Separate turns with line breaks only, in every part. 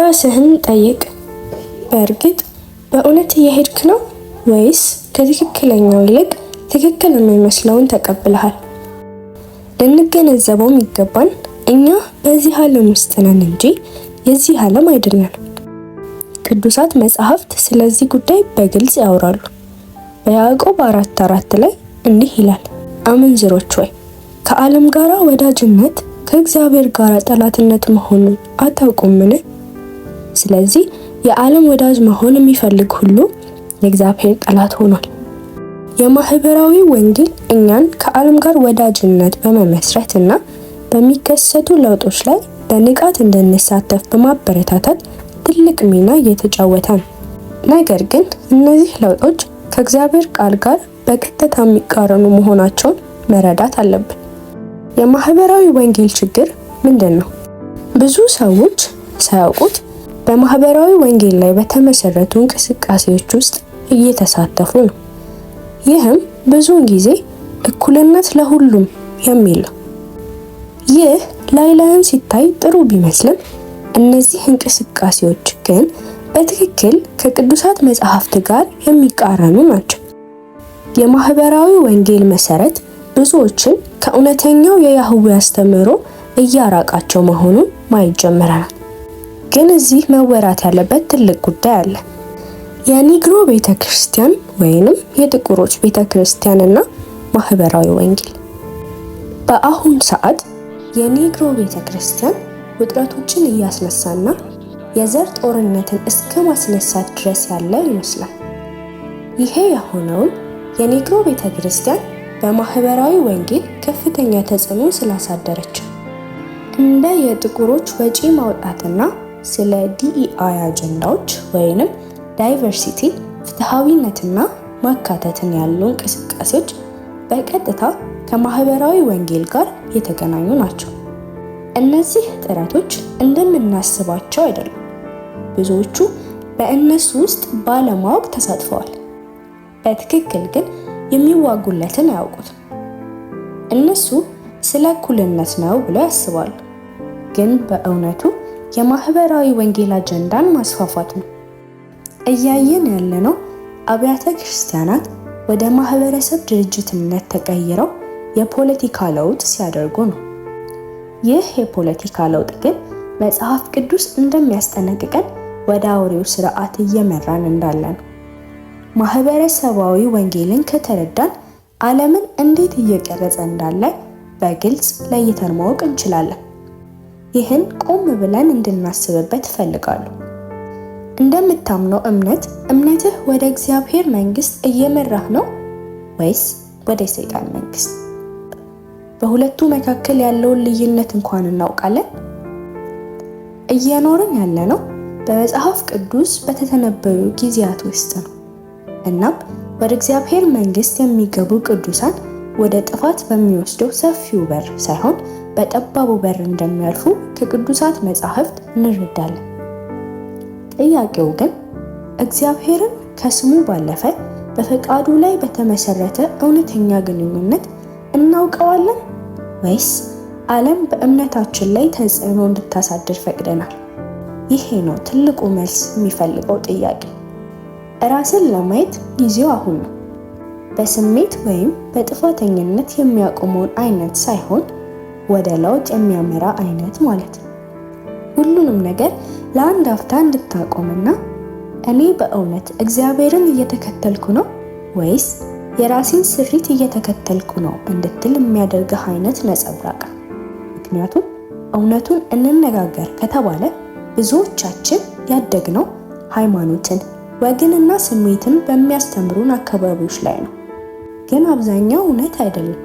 ራስህን ጠይቅ። በእርግጥ በእውነት እየሄድክ ነው ወይስ ከትክክለኛው ይልቅ ትክክል የሚመስለውን ተቀብለሃል? ልንገነዘበውም ይገባል። እኛ በዚህ ዓለም ውስጥ ነን እንጂ የዚህ ዓለም አይደለም። ቅዱሳት መጽሐፍት ስለዚህ ጉዳይ በግልጽ ያወራሉ። በያዕቆብ አራት አራት ላይ እንዲህ ይላል፣ አመንዝሮች ወይ ከዓለም ጋር ወዳጅነት ከእግዚአብሔር ጋር ጠላትነት መሆኑን አታውቁምን? ስለዚህ የዓለም ወዳጅ መሆን የሚፈልግ ሁሉ የእግዚአብሔር ጠላት ሆኗል። የማህበራዊ ወንጌል እኛን ከዓለም ጋር ወዳጅነት በመመስረት እና በሚከሰቱ ለውጦች ላይ በንቃት እንድንሳተፍ በማበረታታት ትልቅ ሚና እየተጫወተ ነው። ነገር ግን እነዚህ ለውጦች ከእግዚአብሔር ቃል ጋር በቀጥታ የሚቃረኑ መሆናቸውን መረዳት አለብን። የማህበራዊ ወንጌል ችግር ምንድን ነው? ብዙ ሰዎች ሳያውቁት በማህበራዊ ወንጌል ላይ በተመሰረቱ እንቅስቃሴዎች ውስጥ እየተሳተፉ ነው። ይህም ብዙውን ጊዜ እኩልነት ለሁሉም የሚል ነው። ይህ ላይ ላይም ሲታይ ጥሩ ቢመስልም እነዚህ እንቅስቃሴዎች ግን በትክክል ከቅዱሳት መጽሐፍት ጋር የሚቃረኑ ናቸው። የማህበራዊ ወንጌል መሰረት ብዙዎችን ከእውነተኛው የያህዌ አስተምህሮ እያራቃቸው መሆኑን ማየት ጀምረናል። ግን እዚህ መወራት ያለበት ትልቅ ጉዳይ አለ። የኒግሮ ቤተ ክርስቲያን ወይንም የጥቁሮች ቤተ ክርስቲያንና ማህበራዊ ወንጌል። በአሁን ሰዓት የኒግሮ ቤተ ክርስቲያን ውጥረቶችን እያስነሳና የዘር ጦርነትን እስከ ማስነሳት ድረስ ያለ ይመስላል። ይሄ የሆነውን የኒግሮ ቤተ ክርስቲያን በማህበራዊ ወንጌል ከፍተኛ ተጽዕኖ ስላሳደረችው እንደ የጥቁሮች ወጪ ማውጣትና ስለ ዲኢአይ አጀንዳዎች ወይንም ዳይቨርሲቲ፣ ፍትሐዊነትና ማካተትን ያሉ እንቅስቃሴዎች በቀጥታ ከማህበራዊ ወንጌል ጋር የተገናኙ ናቸው። እነዚህ ጥረቶች እንደምናስባቸው አይደሉም። ብዙዎቹ በእነሱ ውስጥ ባለማወቅ ተሳትፈዋል። በትክክል ግን የሚዋጉለትን አያውቁትም። እነሱ ስለ እኩልነት ነው ብለው ያስባሉ፣ ግን በእውነቱ የማህበራዊ ወንጌል አጀንዳን ማስፋፋት ነው። እያየን ያለነው አብያተ ክርስቲያናት ወደ ማህበረሰብ ድርጅትነት ተቀይረው የፖለቲካ ለውጥ ሲያደርጉ ነው። ይህ የፖለቲካ ለውጥ ግን መጽሐፍ ቅዱስ እንደሚያስጠነቅቀን ወደ አውሬው ስርዓት እየመራን እንዳለ ነው። ማህበረሰባዊ ወንጌልን ከተረዳን ዓለምን እንዴት እየቀረጸ እንዳለ በግልጽ ለይተን ማወቅ እንችላለን። ይህን ቆም ብለን እንድናስብበት እፈልጋለሁ። እንደምታምነው እምነት እምነትህ ወደ እግዚአብሔር መንግስት እየመራህ ነው ወይስ ወደ ሰይጣን መንግስት? በሁለቱ መካከል ያለውን ልዩነት እንኳን እናውቃለን። እየኖርን ያለነው በመጽሐፍ ቅዱስ በተተነበዩ ጊዜያት ውስጥ ነው። እናም ወደ እግዚአብሔር መንግስት የሚገቡ ቅዱሳን ወደ ጥፋት በሚወስደው ሰፊው በር ሳይሆን በጠባቡ በር እንደሚያልፉ ከቅዱሳት መጻሕፍት እንረዳለን። ጥያቄው ግን እግዚአብሔርን ከስሙ ባለፈ በፈቃዱ ላይ በተመሰረተ እውነተኛ ግንኙነት እናውቀዋለን ወይስ ዓለም በእምነታችን ላይ ተጽዕኖ እንድታሳድር ፈቅደናል? ይሄ ነው ትልቁ መልስ የሚፈልገው ጥያቄ። ራስን ለማየት ጊዜው አሁን ነው። በስሜት ወይም በጥፋተኝነት የሚያቆመውን አይነት ሳይሆን ወደ ለውጥ የሚያመራ አይነት ማለት ነው። ሁሉንም ነገር ለአንድ አፍታ እንድታቆምና እኔ በእውነት እግዚአብሔርን እየተከተልኩ ነው ወይስ የራሴን ስሪት እየተከተልኩ ነው እንድትል የሚያደርግህ አይነት ነጸብራቅ ምክንያቱም እውነቱን እንነጋገር ከተባለ ብዙዎቻችን ያደግነው ሃይማኖትን፣ ወግንና ስሜትን በሚያስተምሩን አካባቢዎች ላይ ነው። ግን አብዛኛው እውነት አይደለም።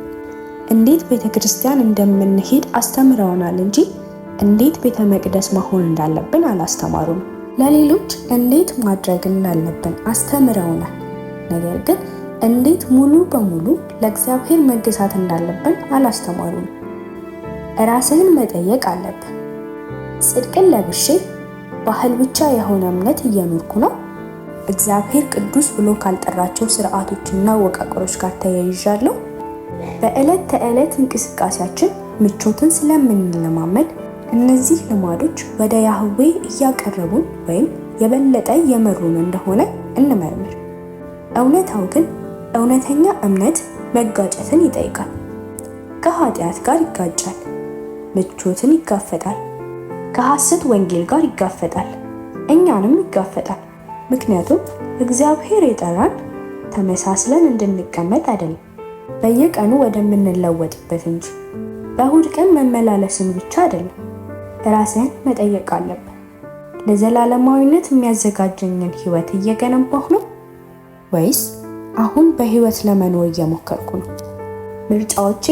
እንዴት ቤተ ክርስቲያን እንደምንሄድ አስተምረውናል እንጂ እንዴት ቤተ መቅደስ መሆን እንዳለብን አላስተማሩም። ለሌሎች እንዴት ማድረግ እንዳለብን አስተምረውናል፣ ነገር ግን እንዴት ሙሉ በሙሉ ለእግዚአብሔር መገዛት እንዳለብን አላስተማሩም። እራስህን መጠየቅ አለብን። ጽድቅን ለብሼ ባህል ብቻ የሆነ እምነት እየኖርኩ ነው? እግዚአብሔር ቅዱስ ብሎ ካልጠራቸው ስርዓቶችና ወቃቀሮች ጋር ተያይዣለሁ? በዕለት ተዕለት እንቅስቃሴያችን ምቾትን ስለምንለማመድ እነዚህ ልማዶች ወደ ያህዌ እያቀረቡን ወይም የበለጠ የመሩን እንደሆነ እንመርምር። እውነታው ግን እውነተኛ እምነት መጋጨትን ይጠይቃል። ከኃጢአት ጋር ይጋጫል፣ ምቾትን ይጋፈጣል፣ ከሐሰት ወንጌል ጋር ይጋፈጣል፣ እኛንም ይጋፈጣል። ምክንያቱም እግዚአብሔር የጠራን ተመሳስለን እንድንቀመጥ አይደለም። በየቀኑ ወደምንለወጥበት እንጂ በእሁድ ቀን መመላለስን ብቻ አይደለም። ራስህን መጠየቅ አለብን። ለዘላለማዊነት የሚያዘጋጀኝን ህይወት እየገነባሁ ነው ወይስ አሁን በህይወት ለመኖር እየሞከርኩ ነው? ምርጫዎቼ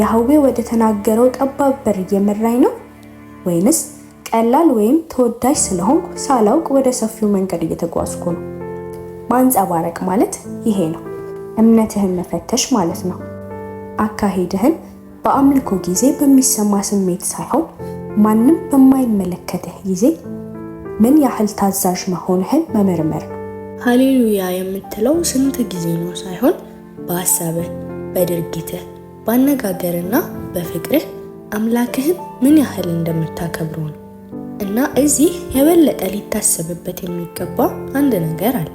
የሀዌ ወደ ተናገረው ጠባብ በር እየመራኝ ነው ወይንስ ቀላል ወይም ተወዳጅ ስለሆንኩ ሳላውቅ ወደ ሰፊው መንገድ እየተጓዝኩ ነው? ማንጸባረቅ ማለት ይሄ ነው። እምነትህን መፈተሽ ማለት ነው። አካሄድህን በአምልኮ ጊዜ በሚሰማ ስሜት ሳይሆን ማንም በማይመለከትህ ጊዜ ምን ያህል ታዛዥ መሆንህን መመርመር ሀሌሉያ የምትለው ስንት ጊዜ ነው ሳይሆን በሀሳብህ፣ በድርጊትህ፣ በአነጋገርና በፍቅርህ አምላክህን ምን ያህል እንደምታከብረው ነው። እና እዚህ የበለጠ ሊታሰብበት የሚገባ አንድ ነገር አለ።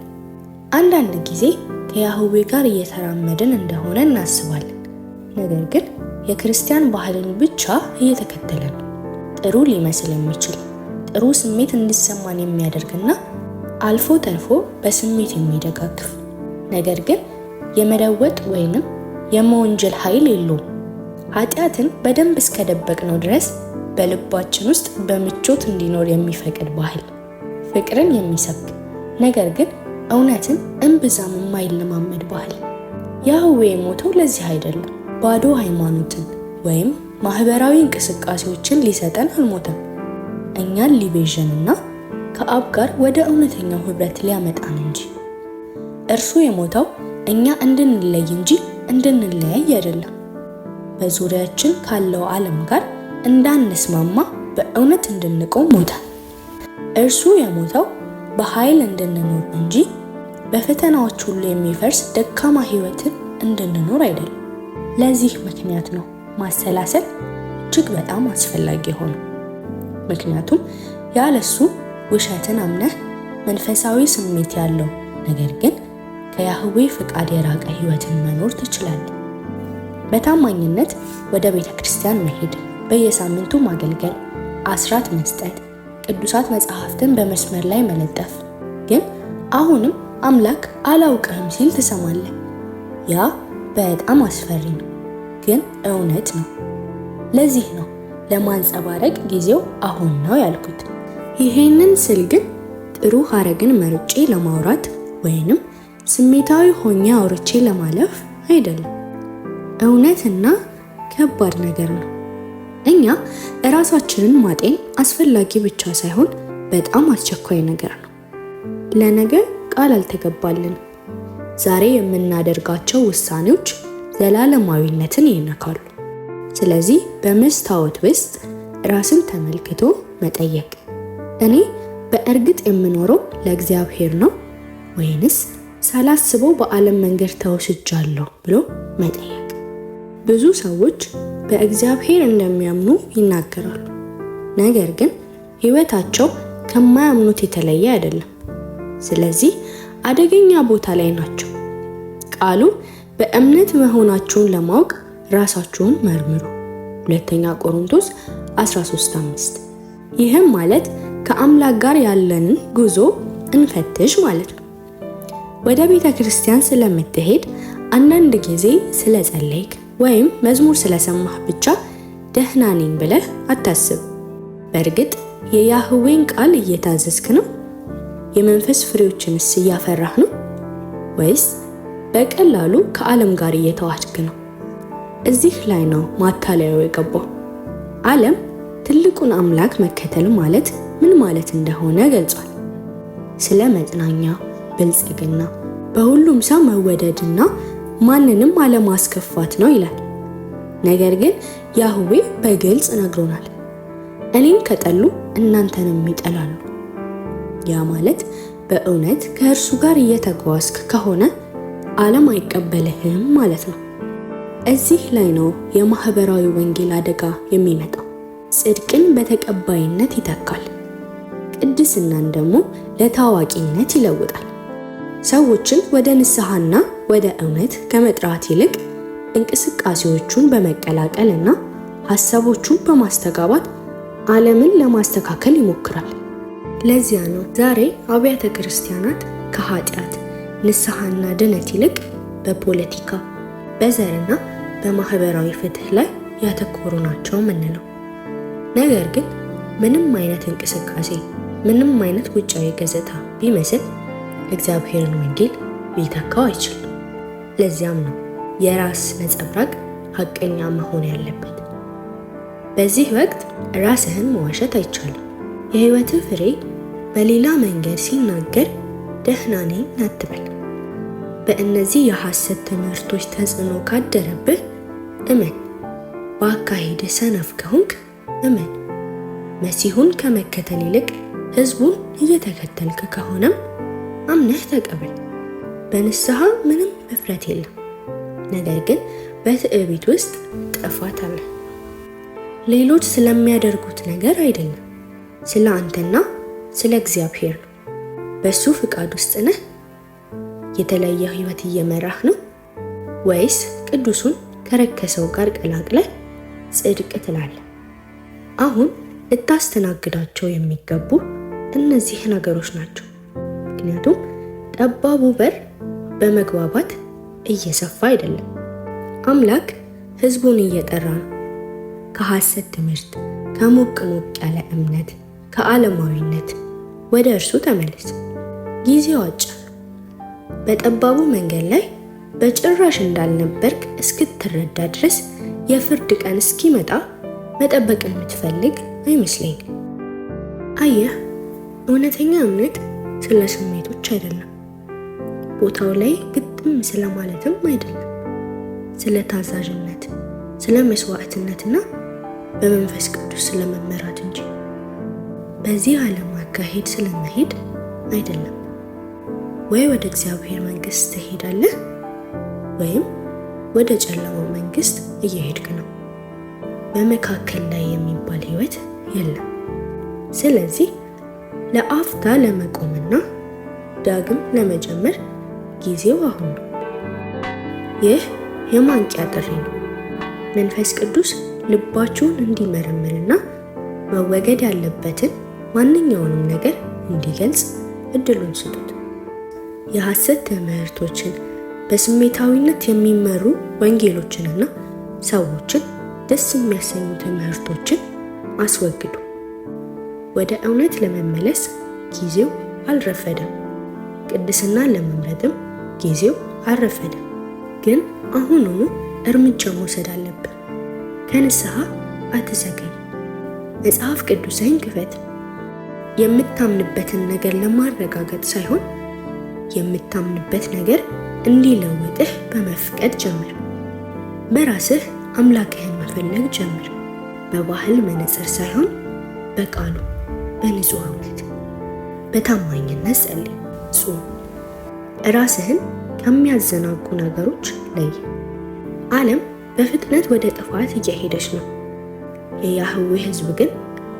አንዳንድ ጊዜ ከያሁዌ ጋር እየተራመድን እንደሆነ እናስባለን። ነገር ግን የክርስቲያን ባህልን ብቻ እየተከተለን ጥሩ ሊመስል የሚችል ጥሩ ስሜት እንዲሰማን የሚያደርግና አልፎ ተርፎ በስሜት የሚደጋግፍ ነገር ግን የመለወጥ ወይንም የመወንጀል ኃይል የለውም። ኃጢአትን በደንብ እስከደበቅነው ድረስ በልባችን ውስጥ በምቾት እንዲኖር የሚፈቅድ ባህል፣ ፍቅርን የሚሰብክ ነገር ግን እውነትን እምብዛም የማይለማመድ ባህል። ያህዌ የሞተው ለዚህ አይደለም። ባዶ ሃይማኖትን ወይም ማህበራዊ እንቅስቃሴዎችን ሊሰጠን አልሞተም። እኛን ሊቤዥንና ከአብ ጋር ወደ እውነተኛው ህብረት ሊያመጣን እንጂ። እርሱ የሞተው እኛ እንድንለይ እንጂ እንድንለያይ አይደለም። በዙሪያችን ካለው ዓለም ጋር እንዳንስማማ በእውነት እንድንቆም ሞታል። እርሱ የሞተው በኃይል እንድንኖር እንጂ በፈተናዎች ሁሉ የሚፈርስ ደካማ ህይወትን እንድንኖር አይደለም። ለዚህ ምክንያት ነው ማሰላሰል እጅግ በጣም አስፈላጊ የሆነ ምክንያቱም ያለሱ ውሸትን አምነህ መንፈሳዊ ስሜት ያለው ነገር ግን ከያህዌ ፍቃድ የራቀ ህይወትን መኖር ትችላለህ። በታማኝነት ወደ ቤተ ክርስቲያን መሄድ፣ በየሳምንቱ ማገልገል፣ አስራት መስጠት፣ ቅዱሳት መጽሐፍትን በመስመር ላይ መለጠፍ ግን አሁንም አምላክ አላውቅህም ሲል ትሰማለህ። ያ በጣም አስፈሪ ነው፣ ግን እውነት ነው። ለዚህ ነው ለማንጸባረቅ ጊዜው አሁን ነው ያልኩት። ይሄንን ስል ግን ጥሩ ሀረግን መርጬ ለማውራት ወይንም ስሜታዊ ሆኜ አውርቼ ለማለፍ አይደለም። እውነትና ከባድ ነገር ነው። እኛ እራሳችንን ማጤን አስፈላጊ ብቻ ሳይሆን በጣም አስቸኳይ ነገር ነው ለነገር ቃል አልተገባልን። ዛሬ የምናደርጋቸው ውሳኔዎች ዘላለማዊነትን ይነካሉ። ስለዚህ በመስታወት ውስጥ ራስን ተመልክቶ መጠየቅ፣ እኔ በእርግጥ የምኖረው ለእግዚአብሔር ነው ወይንስ ሳላስበው በዓለም መንገድ ተወስጃለሁ ብሎ መጠየቅ። ብዙ ሰዎች በእግዚአብሔር እንደሚያምኑ ይናገራሉ፣ ነገር ግን ሕይወታቸው ከማያምኑት የተለየ አይደለም። ስለዚህ አደገኛ ቦታ ላይ ናቸው። ቃሉ በእምነት መሆናችሁን ለማወቅ ራሳችሁን መርምሩ። ሁለተኛ ቆሮንቶስ 13:5 ይህም ማለት ከአምላክ ጋር ያለንን ጉዞ እንፈትሽ ማለት ነው። ወደ ቤተ ክርስቲያን ስለምትሄድ አንዳንድ ጊዜ ስለጸለይክ ወይም መዝሙር ስለሰማህ ብቻ ደህና ነኝ ብለህ አታስብ። በእርግጥ የያህዌን ቃል እየታዘዝክ ነው? የመንፈስ ፍሬዎችንስ እያፈራህ ነው ወይስ በቀላሉ ከዓለም ጋር እየተዋትክ ነው? እዚህ ላይ ነው ማታለያው የገባው። ዓለም ትልቁን አምላክ መከተል ማለት ምን ማለት እንደሆነ ገልጿል። ስለ መጽናኛ፣ ብልጽግና፣ በሁሉም ሰው መወደድና ማንንም አለማስከፋት ነው ይላል። ነገር ግን ያህዌ በግልጽ ነግሮናል፣ እኔን ከጠሉ እናንተንም ይጠላሉ። ያ ማለት በእውነት ከእርሱ ጋር እየተጓዝክ ከሆነ ዓለም አይቀበልህም ማለት ነው። እዚህ ላይ ነው የማኅበራዊ ወንጌል አደጋ የሚመጣው። ጽድቅን በተቀባይነት ይተካል፣ ቅድስናን ደግሞ ለታዋቂነት ይለውጣል። ሰዎችን ወደ ንስሐና ወደ እውነት ከመጥራት ይልቅ እንቅስቃሴዎቹን በመቀላቀል እና ሐሳቦቹን በማስተጋባት ዓለምን ለማስተካከል ይሞክራል። ለዚያ ነው ዛሬ አብያተ ክርስቲያናት ከኃጢአት ንስሐና ድነት ይልቅ በፖለቲካ በዘርና በማህበራዊ ፍትህ ላይ ያተኮሩ ናቸው ምንለው። ነገር ግን ምንም አይነት እንቅስቃሴ ምንም አይነት ውጫዊ ገጽታ ቢመስል እግዚአብሔርን ወንጌል ሊተካው አይችልም። ለዚያም ነው የራስ ነጸብራቅ ሀቀኛ መሆን ያለበት። በዚህ ወቅት ራስህን መዋሸት አይቻልም። የህይወትህ ፍሬ በሌላ መንገድ ሲናገር ደህና ነኝ አትበል። በእነዚህ የሐሰት ትምህርቶች ተጽዕኖ ካደረብህ እመን። በአካሄድህ ሰነፍ ከሆንክ እመን። መሲሁን ከመከተል ይልቅ ሕዝቡን እየተከተልክ ከሆነም አምነህ ተቀበል። በንስሐ ምንም እፍረት የለም። ነገር ግን በትዕቢት ውስጥ ጥፋት አለ። ሌሎች ስለሚያደርጉት ነገር አይደለም፣ ስለ አንተና ስለ እግዚአብሔር ነው። በእሱ ፍቃድ ውስጥ ነህ? የተለየ ህይወት እየመራህ ነው ወይስ ቅዱሱን ከረከሰው ጋር ቀላቅለህ ጽድቅ ትላለህ? አሁን ልታስተናግዳቸው የሚገቡ እነዚህ ነገሮች ናቸው። ምክንያቱም ጠባቡ በር በመግባባት እየሰፋ አይደለም። አምላክ ህዝቡን እየጠራ ነው፣ ከሐሰት ትምህርት፣ ከሞቅ ሞቅ ያለ እምነት ከዓለማዊነት ወደ እርሱ ተመለስ። ጊዜው አጭር፣ በጠባቡ መንገድ ላይ በጭራሽ እንዳልነበርክ እስክትረዳ ድረስ የፍርድ ቀን እስኪመጣ መጠበቅ የምትፈልግ አይመስለኝ። አየህ፣ እውነተኛ እምነት ስለ ስሜቶች አይደለም፣ ቦታው ላይ ግጥም ስለማለትም አይደለም፣ ስለ ታዛዥነት፣ ስለ መስዋዕትነትና በመንፈስ ቅዱስ ስለመመራት እንጂ በዚህ ዓለም አካሄድ ስለመሄድ አይደለም። ወይ ወደ እግዚአብሔር መንግሥት ትሄዳለህ ወይም ወደ ጨለማው መንግሥት እየሄድክ ነው። በመካከል ላይ የሚባል ሕይወት የለም። ስለዚህ ለአፍታ ለመቆምና ዳግም ለመጀመር ጊዜው አሁን ነው። ይህ የማንቂያ ጥሪ ነው። መንፈስ ቅዱስ ልባችሁን እንዲመረምርና መወገድ ያለበትን ማንኛውንም ነገር እንዲገልጽ እድሉን ስጡት። የሐሰት ትምህርቶችን፣ በስሜታዊነት የሚመሩ ወንጌሎችንና ሰዎችን ደስ የሚያሰኙ ትምህርቶችን አስወግዱ። ወደ እውነት ለመመለስ ጊዜው አልረፈደም። ቅድስና ለመምረጥም ጊዜው አልረፈደም። ግን አሁኑኑ እርምጃ መውሰድ አለብን። ከንስሐ አትዘገይ። መጽሐፍ ቅዱስህን ክፈት። የምታምንበትን ነገር ለማረጋገጥ ሳይሆን የምታምንበት ነገር እንዲለውጥህ በመፍቀድ ጀምር። በራስህ አምላክህን መፈለግ ጀምር። በባህል መነጽር ሳይሆን በቃሉ በንጹህ እውነት በታማኝነት ጸልይ። ጾም ራስህን ከሚያዘናጉ ነገሮች ለይ። ዓለም በፍጥነት ወደ ጥፋት እየሄደች ነው። የያህዌ ሕዝብ ግን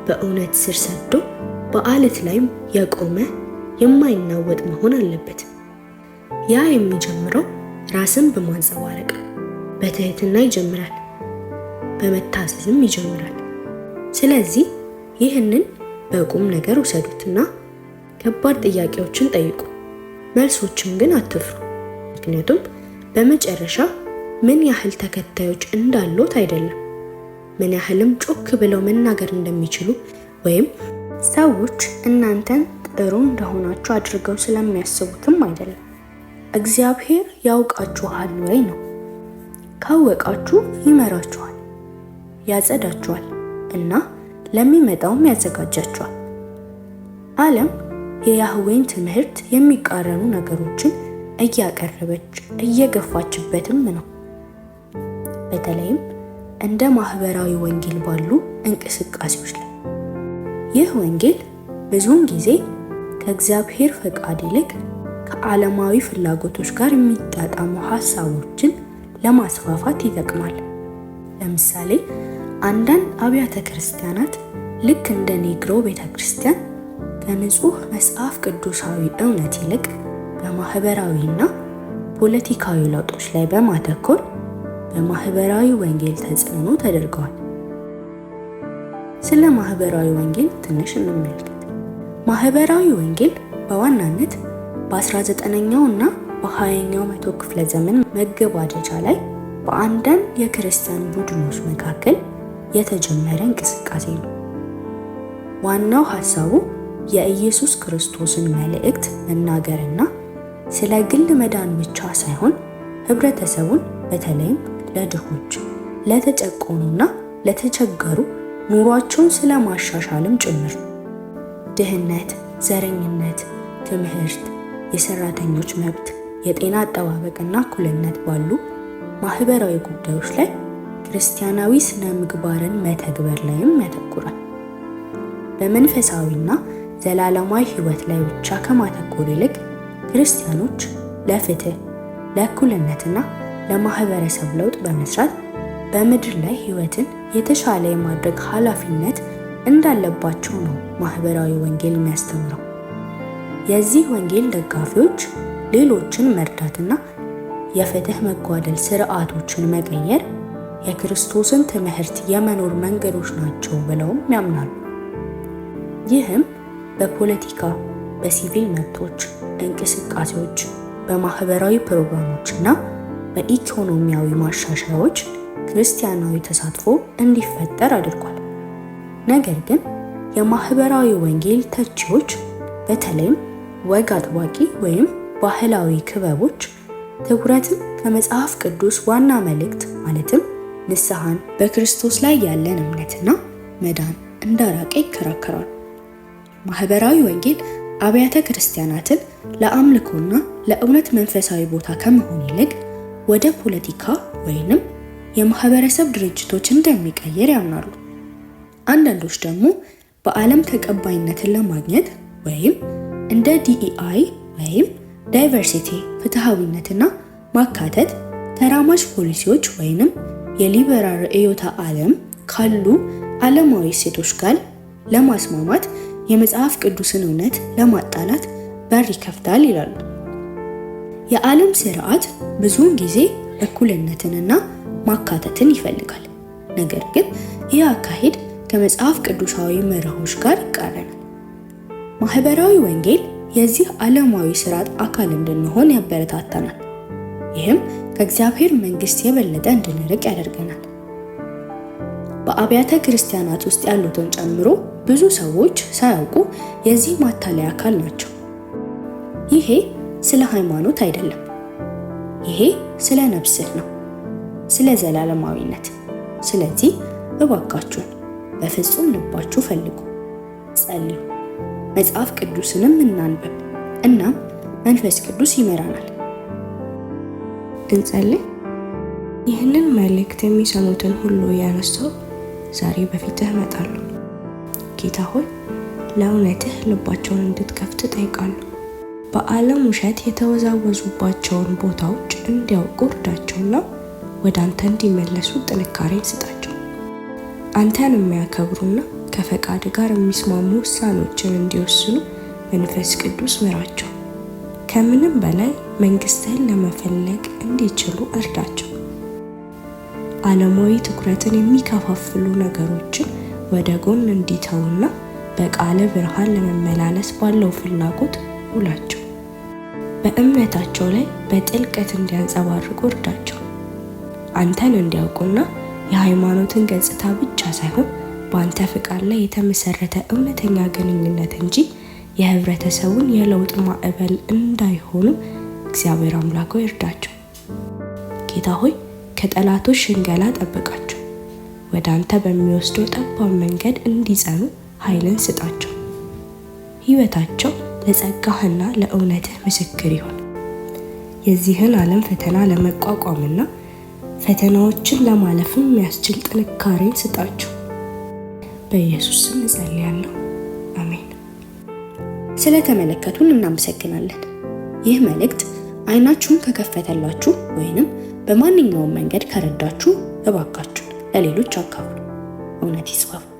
በእውነት ስር ሰዶ በዓለት ላይም የቆመ የማይናወጥ መሆን አለበት። ያ የሚጀምረው ራስን በማንጸባረቅ በትህትና ይጀምራል፣ በመታዘዝም ይጀምራል። ስለዚህ ይህንን በቁም ነገር ውሰዱትና ከባድ ጥያቄዎችን ጠይቁ፣ መልሶችን ግን አትፍሩ። ምክንያቱም በመጨረሻ ምን ያህል ተከታዮች እንዳሉት አይደለም፣ ምን ያህልም ጮክ ብለው መናገር እንደሚችሉ ወይም ሰዎች እናንተን ጥሩ እንደሆናችሁ አድርገው ስለሚያስቡትም አይደለም፣ እግዚአብሔር ያውቃችኋል ወይ ነው። ካወቃችሁ ይመራችኋል፣ ያጸዳችኋል እና ለሚመጣውም ያዘጋጃችኋል። ዓለም የያህዌን ትምህርት የሚቃረኑ ነገሮችን እያቀረበች እየገፋችበትም ነው። በተለይም እንደ ማህበራዊ ወንጌል ባሉ እንቅስቃሴዎች ይህ ወንጌል ብዙውን ጊዜ ከእግዚአብሔር ፈቃድ ይልቅ ከዓለማዊ ፍላጎቶች ጋር የሚጣጣሙ ሐሳቦችን ለማስፋፋት ይጠቅማል። ለምሳሌ አንዳንድ አብያተ ክርስቲያናት ልክ እንደ ኔግሮ ቤተ ክርስቲያን ከንጹሕ መጽሐፍ ቅዱሳዊ እውነት ይልቅ በማኅበራዊና ፖለቲካዊ ለውጦች ላይ በማተኮር በማኅበራዊ ወንጌል ተጽዕኖ ተደርገዋል። ስለ ማህበራዊ ወንጌል ትንሽ እንመልከት። ማህበራዊ ወንጌል በዋናነት በ19ኛው እና በ20ኛው መቶ ክፍለ ዘመን መገባደጃ ላይ በአንዳንድ የክርስቲያን ቡድኖች መካከል የተጀመረ እንቅስቃሴ ነው። ዋናው ሐሳቡ የኢየሱስ ክርስቶስን መልእክት መናገርና ስለ ግል መዳን ብቻ ሳይሆን ህብረተሰቡን በተለይም ለድሆች፣ ለተጨቆኑና ለተቸገሩ ኑሯቸውን ስለማሻሻልም ጭምር ድህነት፣ ዘረኝነት፣ ትምህርት፣ የሰራተኞች መብት፣ የጤና አጠባበቅና እኩልነት ባሉ ማህበራዊ ጉዳዮች ላይ ክርስቲያናዊ ስነ ምግባርን መተግበር ላይም ያተኩራል። በመንፈሳዊና ዘላለማዊ ህይወት ላይ ብቻ ከማተኮር ይልቅ ክርስቲያኖች ለፍትህ፣ ለእኩልነትና ለማህበረሰብ ለውጥ በመስራት በምድር ላይ ህይወትን የተሻለ የማድረግ ኃላፊነት እንዳለባቸው ነው ማህበራዊ ወንጌል የሚያስተምረው። የዚህ ወንጌል ደጋፊዎች ሌሎችን መርዳትና የፍትህ መጓደል ስርዓቶችን መቀየር የክርስቶስን ትምህርት የመኖር መንገዶች ናቸው ብለውም ያምናሉ። ይህም በፖለቲካ፣ በሲቪል መብቶች እንቅስቃሴዎች፣ በማህበራዊ ፕሮግራሞች እና በኢኮኖሚያዊ ማሻሻያዎች ክርስቲያናዊ ተሳትፎ እንዲፈጠር አድርጓል። ነገር ግን የማህበራዊ ወንጌል ተቺዎች በተለይም ወግ አጥባቂ ወይም ባህላዊ ክበቦች ትኩረትን ከመጽሐፍ ቅዱስ ዋና መልእክት ማለትም ንስሐን፣ በክርስቶስ ላይ ያለን እምነትና መዳን እንዳራቀ ይከራከራል። ማህበራዊ ወንጌል አብያተ ክርስቲያናትን ለአምልኮና ለእውነት መንፈሳዊ ቦታ ከመሆን ይልቅ ወደ ፖለቲካ ወይንም የማህበረሰብ ድርጅቶች እንደሚቀይር ያምናሉ። አንዳንዶች ደግሞ በዓለም ተቀባይነትን ለማግኘት ወይም እንደ ዲኢአይ ወይም ዳይቨርሲቲ፣ ፍትሐዊነትና ማካተት ተራማጅ ፖሊሲዎች ወይንም የሊበራል ርዕዮተ ዓለም ካሉ ዓለማዊ እሴቶች ጋር ለማስማማት የመጽሐፍ ቅዱስን እውነት ለማጣላት በር ይከፍታል ይላሉ። የዓለም ስርዓት ብዙውን ጊዜ እኩልነትንና ማካተትን ይፈልጋል። ነገር ግን ይህ አካሄድ ከመጽሐፍ ቅዱሳዊ መርሆች ጋር ይቃረናል። ማህበራዊ ወንጌል የዚህ ዓለማዊ ስርዓት አካል እንድንሆን ያበረታታናል። ይህም ከእግዚአብሔር መንግሥት የበለጠ እንድንርቅ ያደርገናል። በአብያተ ክርስቲያናት ውስጥ ያሉትን ጨምሮ ብዙ ሰዎች ሳያውቁ የዚህ ማታለያ አካል ናቸው። ይሄ ስለ ሃይማኖት አይደለም። ይሄ ስለ ነፍስህ ነው። ስለ ዘላለማዊነት። ስለዚህ እባካችሁን በፍጹም ልባችሁ ፈልጉ፣ ጸልዩ፣ መጽሐፍ ቅዱስንም እናንብብ። እናም መንፈስ ቅዱስ ይመራናል። እንጸልይ። ይህንን መልእክት የሚሰሙትን ሁሉ ያነሳው ዛሬ በፊትህ እመጣለሁ። ጌታ ሆይ ለእውነትህ ልባቸውን እንድትከፍት ጠይቃለሁ። በዓለም ውሸት የተወዛወዙባቸውን ቦታዎች እንዲያውቁ እርዳቸውና ወደ አንተ እንዲመለሱ ጥንካሬን ስጣቸው። አንተን የሚያከብሩና ከፈቃድ ጋር የሚስማሙ ውሳኔዎችን እንዲወስኑ መንፈስ ቅዱስ ምራቸው። ከምንም በላይ መንግስትህን ለመፈለግ እንዲችሉ እርዳቸው። ዓለማዊ ትኩረትን የሚከፋፍሉ ነገሮችን ወደ ጎን እንዲተውና በቃለ ብርሃን ለመመላለስ ባለው ፍላጎት ውላቸው። በእምነታቸው ላይ በጥልቀት እንዲያንጸባርቁ እርዳቸው። አንተን እንዲያውቁና የሃይማኖትን ገጽታ ብቻ ሳይሆን በአንተ ፍቃድ ላይ የተመሰረተ እውነተኛ ግንኙነት እንጂ የህብረተሰቡን የለውጥ ማዕበል እንዳይሆኑ እግዚአብሔር አምላኮ ይርዳቸው። ጌታ ሆይ ከጠላቶች ሽንገላ ጠብቃቸው። ወደ አንተ በሚወስደው ጠባብ መንገድ እንዲጸኑ ኃይልን ስጣቸው። ህይወታቸው ለጸጋህና ለእውነትህ ምስክር ይሆን። የዚህን ዓለም ፈተና ለመቋቋምና ፈተናዎችን ለማለፍም የሚያስችል ጥንካሬን ስጣችሁ። በኢየሱስ ስም እጸልያለሁ፣ አሜን። ስለተመለከቱን እናመሰግናለን። ይህ መልእክት አይናችሁን ከከፈተላችሁ ወይንም በማንኛውም መንገድ ከረዳችሁ እባካችሁ ለሌሎች አካፍሉ። እውነት ይስፋፋ።